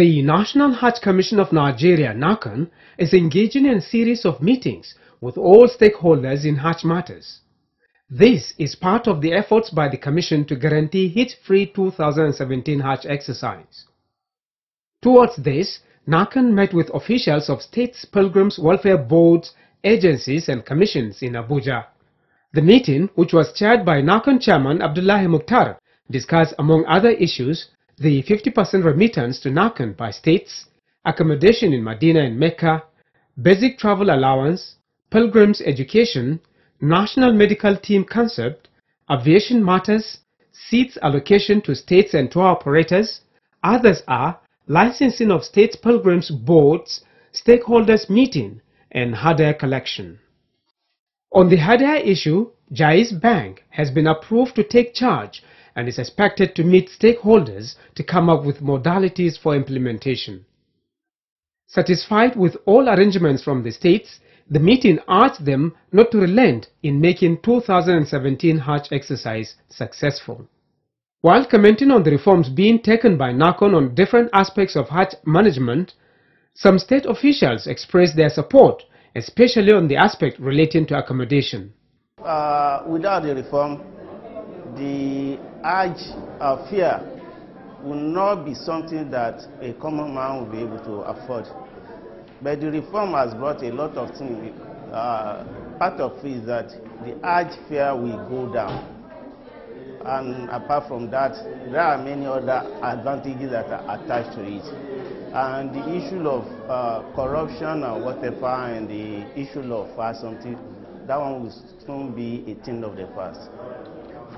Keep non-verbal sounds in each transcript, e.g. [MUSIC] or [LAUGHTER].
The National Hajj Commission of Nigeria, NACAN, is engaging in a series of meetings with all stakeholders in Hajj matters. This is part of the efforts by the Commission to guarantee hit-free 2017 Hajj exercise. Towards this, NACAN met with officials of states, pilgrims, welfare boards, agencies and commissions in Abuja. The meeting, which was chaired by NACAN chairman Abdullahi Mukhtar, discussed among other issues the 50% remittance to Nakan by states, accommodation in Medina and Mecca, basic travel allowance, pilgrims education, national medical team concept, aviation matters, seats allocation to states and tour operators, others are licensing of state pilgrims boards, stakeholders meeting, and Hadair collection. On the Hadair issue, Jais Bank has been approved to take charge and is expected to meet stakeholders to come up with modalities for implementation. Satisfied with all arrangements from the states, the meeting asked them not to relent in making 2017 Hatch exercise successful. While commenting on the reforms being taken by NACON on different aspects of Hatch management, some state officials expressed their support, especially on the aspect relating to accommodation. Uh, without the reform, the Hajj or fear will not be something that a common man will be able to afford. But the reform has brought a lot of things. Uh, part of it is that the Hajj fear will go down. And apart from that, there are many other advantages that are attached to it. And the issue of uh, corruption and whatever, and the issue of fast something, that one will soon be a thing of the past.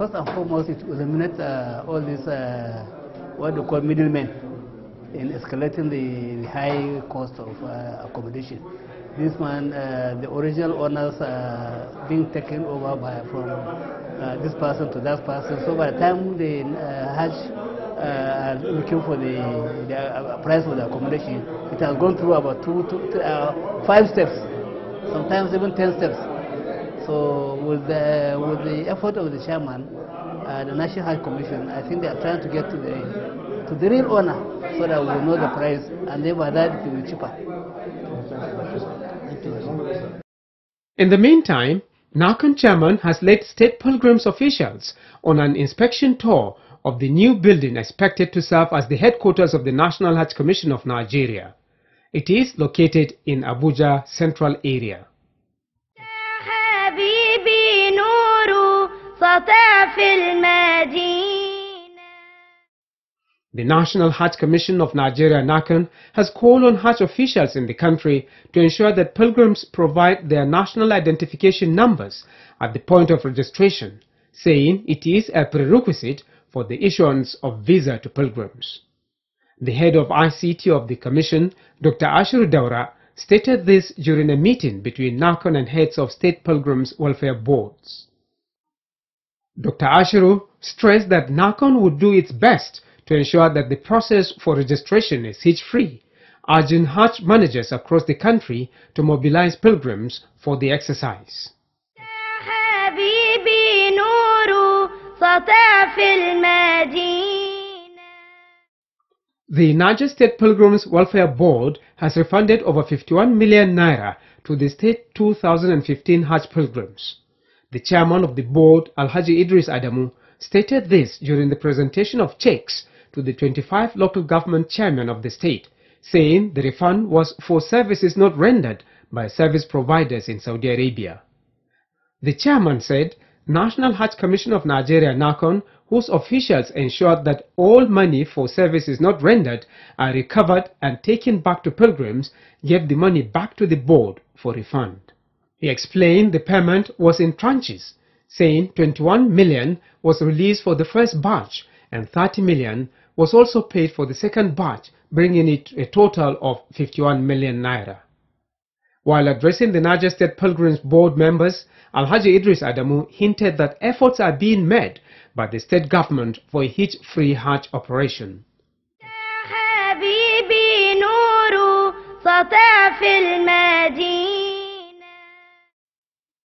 first and foremost, it eliminates uh, all these uh, what they call middlemen in escalating the, the high cost of uh, accommodation. This one, uh, the original owners are uh, being taken over by from uh, this person to that person. So by the time the Hajj uh, looking for the, the price for the accommodation, it has gone through about five steps, sometimes even ten steps. So with the, with the effort of the chairman, uh, the National High Commission, I think they are trying to get to the, to the real owner so that we know the price and thereby that it will be cheaper. In the meantime, Nakan chairman has led state pilgrims officials on an inspection tour of the new building expected to serve as the headquarters of the National Hajj Commission of Nigeria. It is located in Abuja Central Area. The National Hajj Commission of Nigeria Nakan, has called on Hajj officials in the country to ensure that pilgrims provide their national identification numbers at the point of registration, saying it is a prerequisite for the issuance of visa to pilgrims. The head of ICT of the commission, Dr. Ashur Daura, stated this during a meeting between NACON and heads of state pilgrims welfare boards. Dr. Ashiru stressed that NACON would do its best to ensure that the process for registration is hitch-free, urging Hajj managers across the country to mobilize pilgrims for the exercise. The Niger State Pilgrims Welfare Board has refunded over 51 million naira to the state 2015 Hajj pilgrims. The chairman of the board, Alhaji Idris Adamu, stated this during the presentation of checks to the 25 local government chairmen of the state, saying the refund was for services not rendered by service providers in Saudi Arabia. The chairman said National Hajj Commission of Nigeria NACON, whose officials ensured that all money for services not rendered are recovered and taken back to pilgrims, gave the money back to the board for refund. He explained the payment was in tranches, saying 21 million was released for the first batch and 30 million was also paid for the second batch, bringing it a total of 51 million naira. While addressing the Niger State Pilgrims Board members, Alhaji Idris Adamu hinted that efforts are being made by the state government for a hitch-free Hajj operation.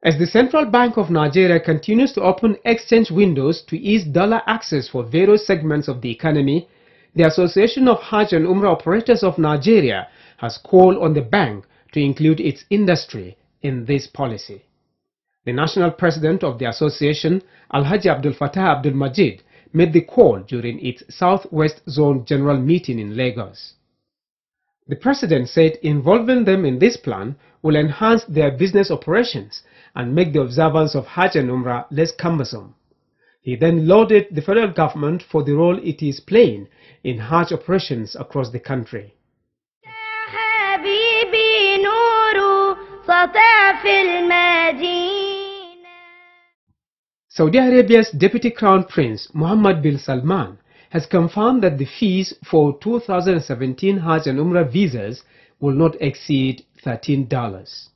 As the Central Bank of Nigeria continues to open exchange windows to ease dollar access for various segments of the economy, the Association of Hajj and Umrah Operators of Nigeria has called on the bank to include its industry in this policy. The national president of the association, Alhaji Abdul Fattah Abdul Majid, made the call during its Southwest Zone General Meeting in Lagos. The president said involving them in this plan will enhance their business operations and make the observance of Hajj and Umrah less cumbersome. He then lauded the federal government for the role it is playing in Hajj operations across the country. Saudi Arabia's Deputy Crown Prince Mohammed bin Salman has confirmed that the fees for 2017 Hajj and Umrah visas will not exceed $13.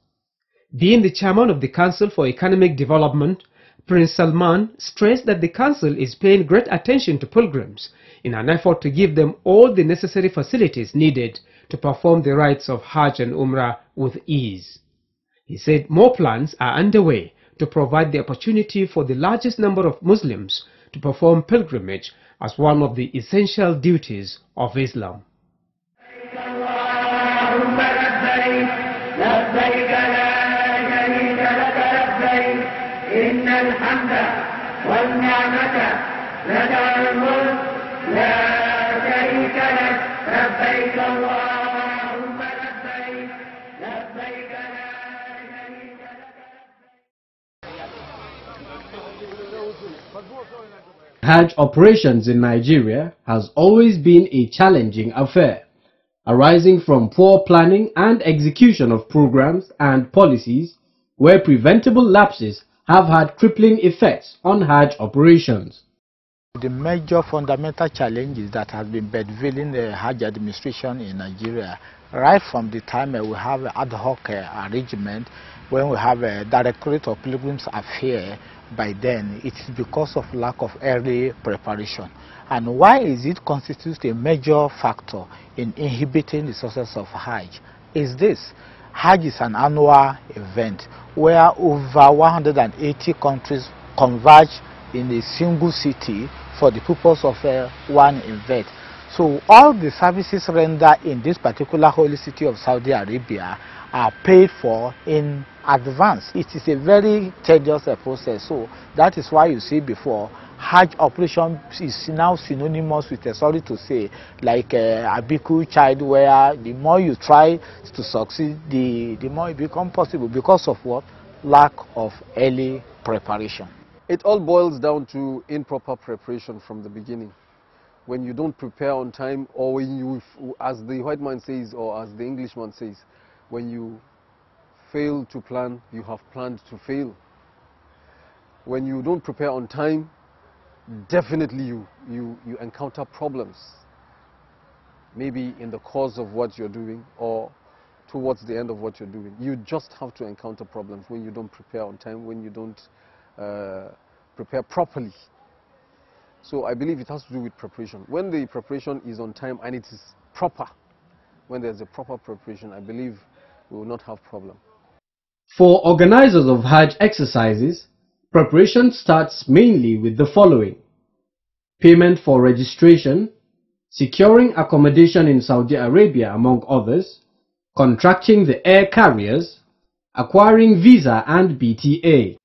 Being the chairman of the Council for Economic Development, Prince Salman stressed that the council is paying great attention to pilgrims in an effort to give them all the necessary facilities needed to perform the rites of Hajj and Umrah with ease. He said more plans are underway to provide the opportunity for the largest number of Muslims to perform pilgrimage as one of the essential duties of Islam. Hajj operations in Nigeria has always been a challenging affair, arising from poor planning and execution of programs and policies where preventable lapses have had crippling effects on Hajj operations. The major fundamental challenges that has been bedeviling the Hajj administration in Nigeria right from the time we have ad hoc uh, arrangement when we have a directorate of pilgrims affair by then, it's because of lack of early preparation. And why is it constitutes a major factor in inhibiting the success of Hajj? Is this, Hajj is an annual event where over 180 countries converge in a single city for the purpose of uh, one event. So all the services rendered in this particular holy city of Saudi Arabia are paid for in advance. It is a very tedious process. So that is why you see before Hajj operation is now synonymous with, a sorry to say, like uh, Abiku child where the more you try to succeed, the, the more it becomes possible because of what? Lack of early preparation. It all boils down to improper preparation from the beginning. When you don't prepare on time or when you, as the white man says or as the Englishman says, when you fail to plan, you have planned to fail. When you don't prepare on time, definitely you, you, you encounter problems, maybe in the course of what you're doing or towards the end of what you're doing. You just have to encounter problems when you don't prepare on time, when you don't uh, prepare properly. So I believe it has to do with preparation. When the preparation is on time and it is proper, when there's a proper preparation, I believe we will not have problem. For organizers of Hajj exercises, preparation starts mainly with the following. Payment for registration, securing accommodation in Saudi Arabia among others, contracting the air carriers, acquiring visa and BTA.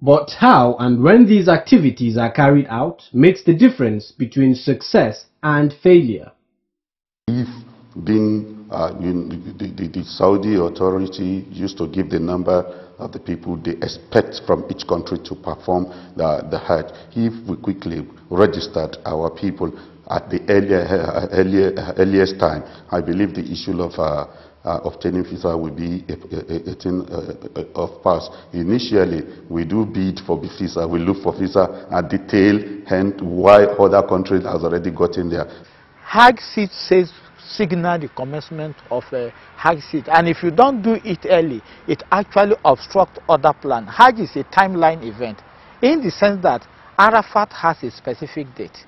But how and when these activities are carried out makes the difference between success and failure. If been, uh, the, the, the, Saudi authority used to give the number of the people they expect from each country to perform the, the Hajj. If we quickly registered our people at the earlier, uh, earlier, uh, earliest time, I believe the issue of uh, uh obtaining visa will be a, a, a thing uh, of past. Initially, we do bid for visa, we look for visa and detail, and why other countries has already gotten there. Hag says signal the commencement of a Hajj And if you don't do it early, it actually obstructs other plans. Hajj is a timeline event in the sense that Arafat has a specific date.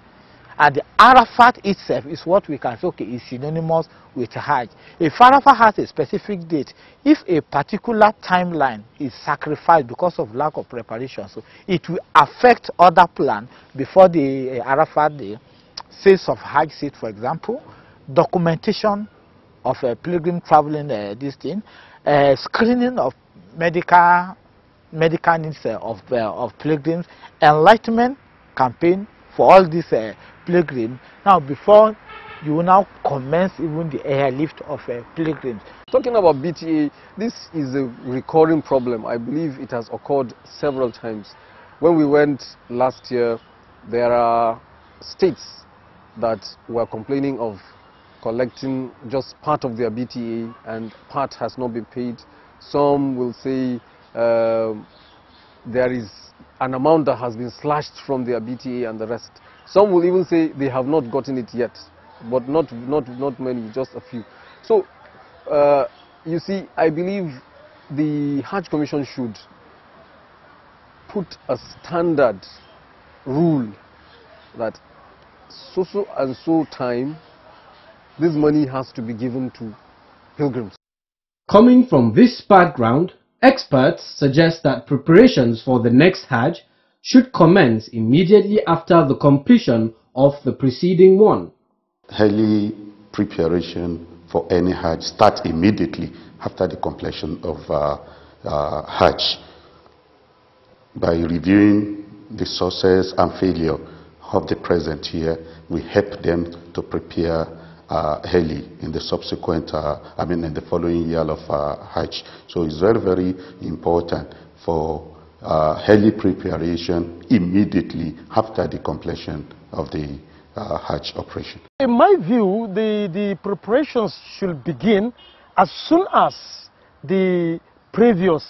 And the Arafat itself is what we can say okay, is synonymous with Hajj. If Arafat has a specific date, if a particular timeline is sacrificed because of lack of preparation, so it will affect other plans before the uh, Arafat the Sales of Hajj for example, documentation of a pilgrim traveling uh, this thing, uh, screening of medical medical needs uh, of, of pilgrims, enlightenment campaign for all these pilgrims. Now, before you will now commence even the airlift of uh, pilgrims. Talking about BTA, this is a recurring problem. I believe it has occurred several times. When we went last year, there are states that were complaining of collecting just part of their BTA and part has not been paid. Some will say uh, there is an amount that has been slashed from their BTA and the rest. Some will even say they have not gotten it yet, but not, not, not many, just a few. So, uh, you see, I believe the Hajj Commission should put a standard rule that so so and so time this money has to be given to pilgrims. Coming from this background, experts suggest that preparations for the next Hajj should commence immediately after the completion of the preceding one. Early preparation for any Hajj starts immediately after the completion of uh, uh, Hajj by reviewing the success and failure of the present year, we help them to prepare uh, early in the subsequent, uh, I mean, in the following year of uh, Hajj. So it's very, very important for uh, early preparation immediately after the completion of the uh, Hajj operation. In my view, the, the preparations should begin as soon as the previous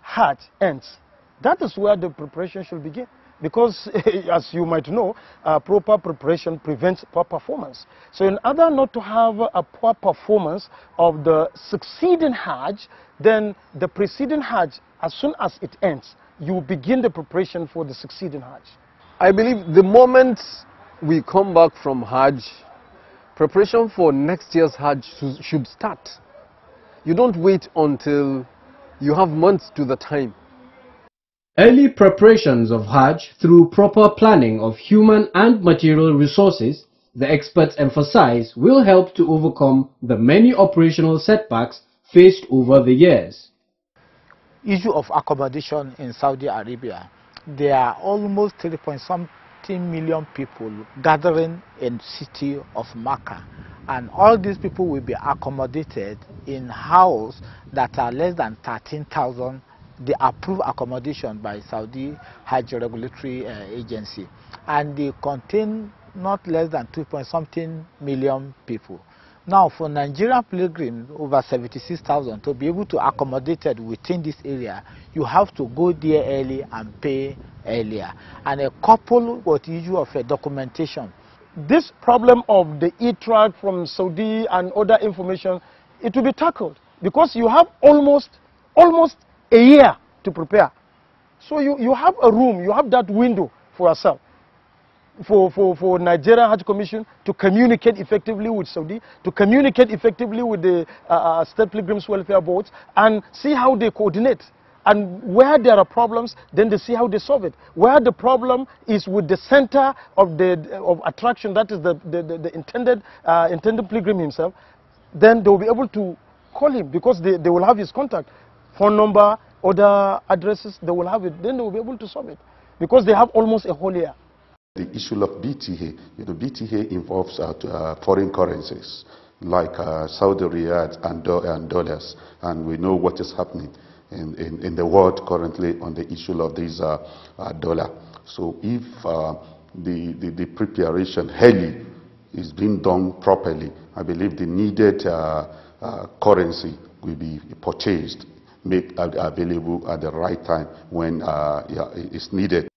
Hajj ends. That is where the preparation should begin because [LAUGHS] as you might know, uh, proper preparation prevents poor performance. So in order not to have a poor performance of the succeeding Hajj, then the preceding Hajj, as soon as it ends, you begin the preparation for the succeeding Hajj. I believe the moment we come back from Hajj, preparation for next year's Hajj should start. You don't wait until you have months to the time. Early preparations of Hajj through proper planning of human and material resources, the experts emphasize, will help to overcome the many operational setbacks faced over the years. Issue of accommodation in Saudi Arabia. There are almost 3.7 million people gathering in city of Makkah and all these people will be accommodated in houses that are less than 13,000 the approved accommodation by Saudi Hajj Regulatory uh, Agency. And they contain not less than 2 point something million people. Now, for Nigerian pilgrims, over 76,000, to be able to accommodate it within this area, you have to go there early and pay earlier. And a couple with issue of a uh, documentation. This problem of the e-track from Saudi and other information, it will be tackled because you have almost, almost a year to prepare. So you, you have a room, you have that window for yourself, for, for, for Nigerian Hajj Commission to communicate effectively with Saudi, to communicate effectively with the uh, uh, State Pilgrims Welfare Boards, and see how they coordinate. And where there are problems, then they see how they solve it. Where the problem is with the center of, the, of attraction, that is the, the, the, the intended, uh, intended pilgrim himself, then they will be able to call him because they, they will have his contact phone number, other addresses, they will have it. Then they will be able to solve it because they have almost a whole year. The issue of BTA, you know, BTA involves uh, uh, foreign currencies like uh, Saudi riyals and, do and, dollars, and we know what is happening in, in, in the world currently on the issue of this uh, uh, dollar. So if uh, the, the, the, preparation early is being done properly, I believe the needed currency will be purchased made available at the right time when uh, yeah, it's needed.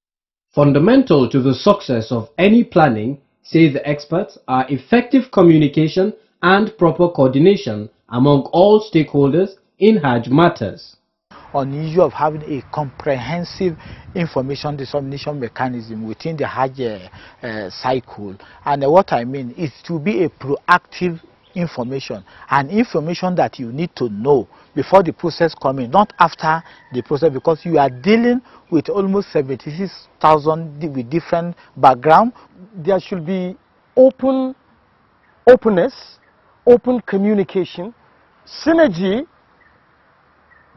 Fundamental to the success of any planning, say the experts, are effective communication and proper coordination among all stakeholders in Hajj matters. On the issue of having a comprehensive information dissemination mechanism within the Hajj uh, uh cycle, and uh, what I mean is to be a proactive information and information that you need to know before the process coming not after the process because you are dealing with almost 76,000 with different background there should be open openness open communication synergy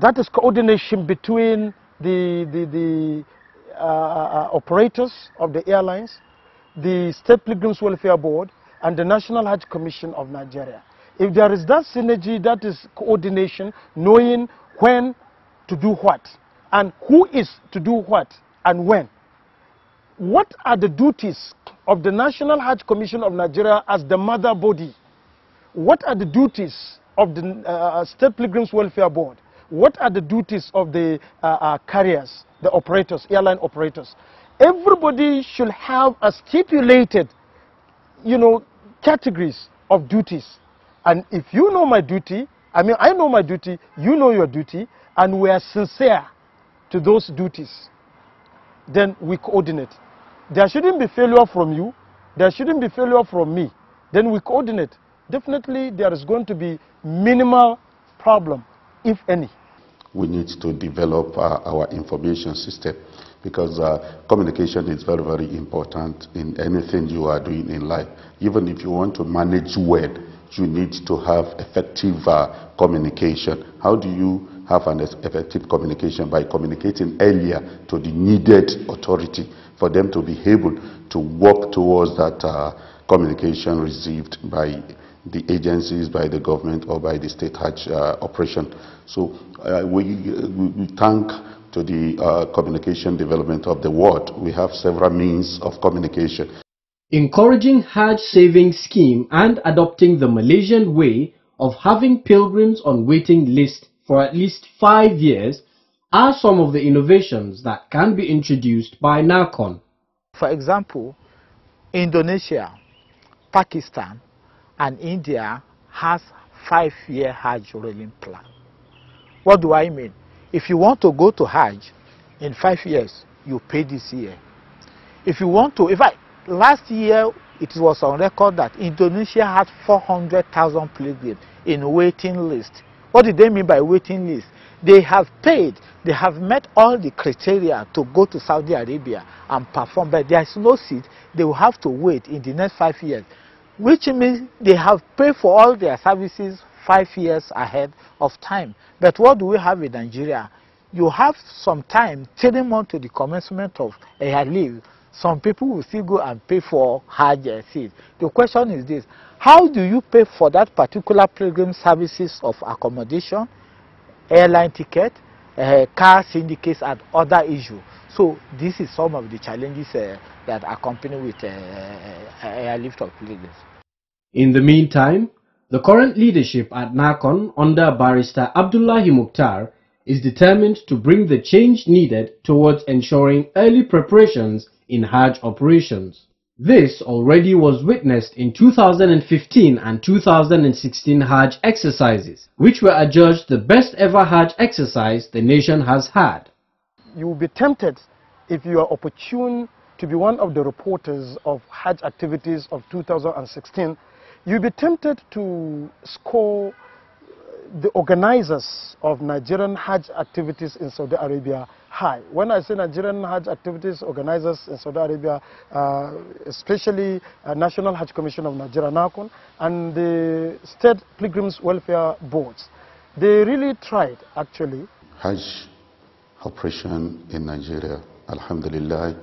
that is coordination between the the, the uh, uh operators of the airlines the state pilgrims welfare board and the National Hajj Commission of Nigeria. If there is that synergy, that is coordination, knowing when to do what, and who is to do what, and when, what are the duties of the National Hajj Commission of Nigeria as the mother body? What are the duties of the uh, State Pilgrims Welfare Board? What are the duties of the uh, uh, carriers, the operators, airline operators? Everybody should have a stipulated, you know, categories of duties. And if you know my duty, I mean, I know my duty, you know your duty, and we are sincere to those duties, then we coordinate. There shouldn't be failure from you, there shouldn't be failure from me, then we coordinate. Definitely there is going to be minimal problem, if any we need to develop uh, our information system because uh, communication is very, very important in anything you are doing in life. Even if you want to manage well, you need to have effective uh, communication. How do you have an effective communication? By communicating earlier to the needed authority for them to be able to work towards that uh, communication received by the agencies, by the government, or by the state hatch uh, operation. So uh, we, we thank to the uh, communication development of the world, we have several means of communication. Encouraging Hajj saving scheme and adopting the Malaysian way of having pilgrims on waiting list for at least five years are some of the innovations that can be introduced by Narcon. For example, Indonesia, Pakistan, and India has five-year Hajj rolling plan. What do I mean? If you want to go to Hajj in five years, you pay this year. If you want to, if I, last year it was on record that Indonesia had 400,000 pilgrims in waiting list. What did they mean by waiting list? They have paid, they have met all the criteria to go to Saudi Arabia and perform, but there is no seat. They will have to wait in the next five years which means they have paid for all their services five years ahead of time. But what do we have in Nigeria? You have some time, three months to the commencement of a leave. Some people will still go and pay for Hajj seat. The question is this, how do you pay for that particular pilgrimage services of accommodation, airline ticket, uh, car syndicates and other issues. So this is some of the challenges uh, that accompany with uh, uh, uh airlift of pilgrims. In the meantime, the current leadership at NACON under barrister Abdullahi Mukhtar is determined to bring the change needed towards ensuring early preparations in Hajj operations. This already was witnessed in 2015 and 2016 Hajj exercises, which were adjudged the best ever Hajj exercise the nation has had. You will be tempted if you are opportune to be one of the reporters of Hajj activities of 2016, you'll be tempted to score the organizers of Nigerian Hajj activities in Saudi Arabia high. When I say Nigerian Hajj activities organizers in Saudi Arabia, uh, especially uh, National Hajj Commission of Nigeria, NACON, and the State Pilgrims Welfare Boards, they really tried, actually. Hajj operation in Nigeria, alhamdulillah,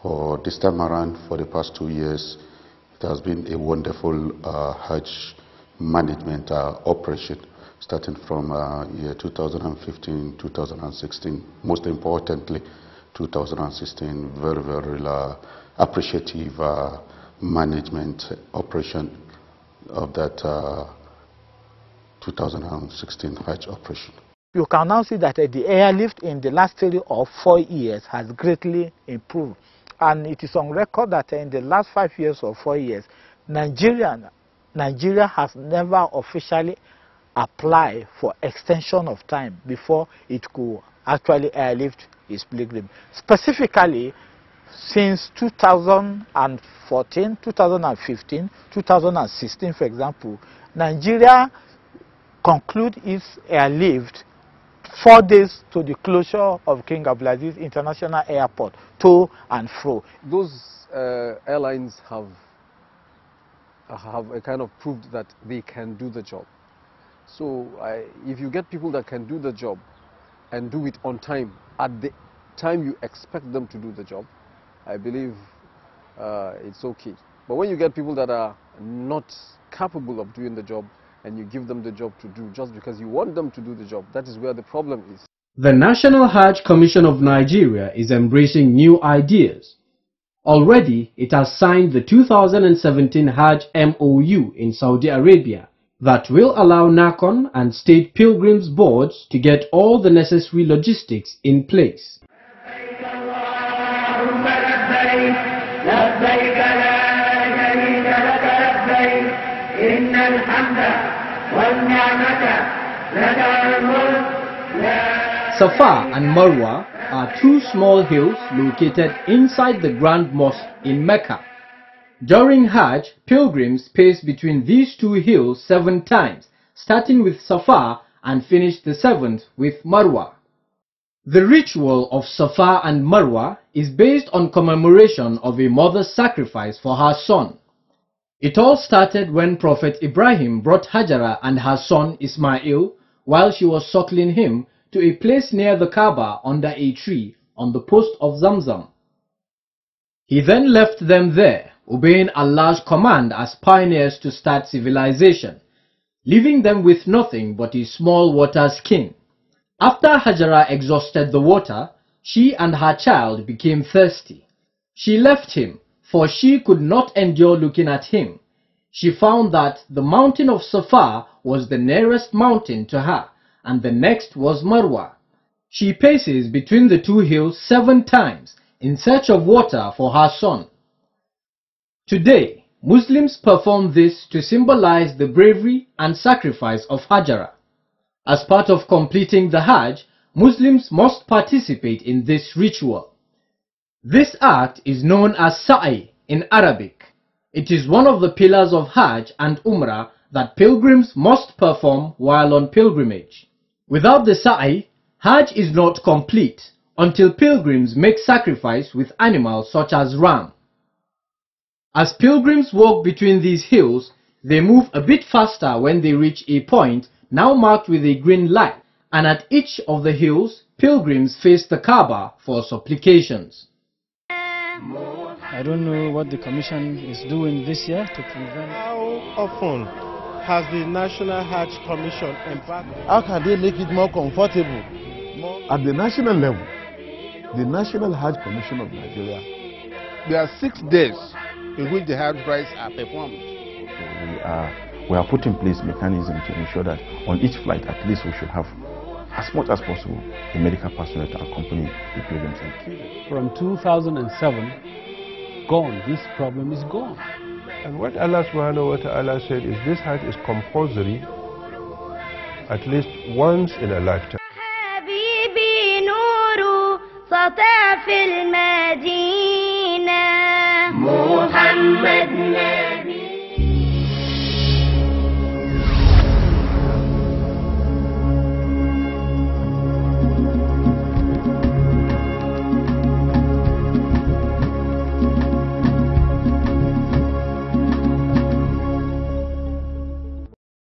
for this time around, for the past two years, it has been a wonderful uh, Hajj management uh, operation starting from uh, year 2015, 2016, most importantly 2016, very, very uh, appreciative uh, management operation of that 2016 Hajj operation. You can now see that uh, the airlift in the last three or four years has greatly improved. And it is on record that uh, in the last five years or four years, Nigerian, Nigeria has never officially apply for extension of time before it could actually airlift its pilgrim. Specifically, since 2014, 2015, 2016, for example, Nigeria concluded its airlift four days to the closure of King Abdulaziz International Airport, to and fro. Those uh, airlines have, have kind of proved that they can do the job. So I, if you get people that can do the job and do it on time, at the time you expect them to do the job, I believe uh, it's okay. But when you get people that are not capable of doing the job and you give them the job to do just because you want them to do the job, that is where the problem is. The National Hajj Commission of Nigeria is embracing new ideas. Already, it has signed the 2017 Hajj MOU in Saudi Arabia that will allow NACON and state pilgrims boards to get all the necessary logistics in place. Safa and Marwa are two small hills located inside the Grand Mosque in Mecca. During Hajj, pilgrims pace between these two hills seven times, starting with Safa and finish the seventh with Marwa. The ritual of Safa and Marwa is based on commemoration of a mother's sacrifice for her son. It all started when Prophet Ibrahim brought Hajara and her son Ismail while she was suckling him to a place near the Kaaba under a tree on the post of Zamzam. He then left them there obeying Allah's command as pioneers to start civilization, leaving them with nothing but a small water skin. After Hajara exhausted the water, she and her child became thirsty. She left him, for she could not endure looking at him. She found that the mountain of Safa was the nearest mountain to her, and the next was Marwa. She paces between the two hills seven times in search of water for her son. Today, Muslims perform this to symbolize the bravery and sacrifice of Hajjara. As part of completing the Hajj, Muslims must participate in this ritual. This act is known as Sa'i in Arabic. It is one of the pillars of Hajj and Umrah that pilgrims must perform while on pilgrimage. Without the Sa'i, Hajj is not complete until pilgrims make sacrifice with animals such as ram. As pilgrims walk between these hills, they move a bit faster when they reach a point now marked with a green light, and at each of the hills, pilgrims face the Kaaba for supplications. I don't know what the Commission is doing this year to prevent. How often has the National Hajj Commission embarked? How can they make it more comfortable? At the national level, the National Hajj Commission of Nigeria, there are six days in which the house rights are performed. We are, we put in place mechanisms to ensure that on each flight, at least we should have as much as possible the medical personnel to accompany the pilgrims and From 2007, gone, this problem is gone. And what Allah subhanahu wa ta'ala said is this heart is compulsory at least once in a lifetime. Ahmed Ney.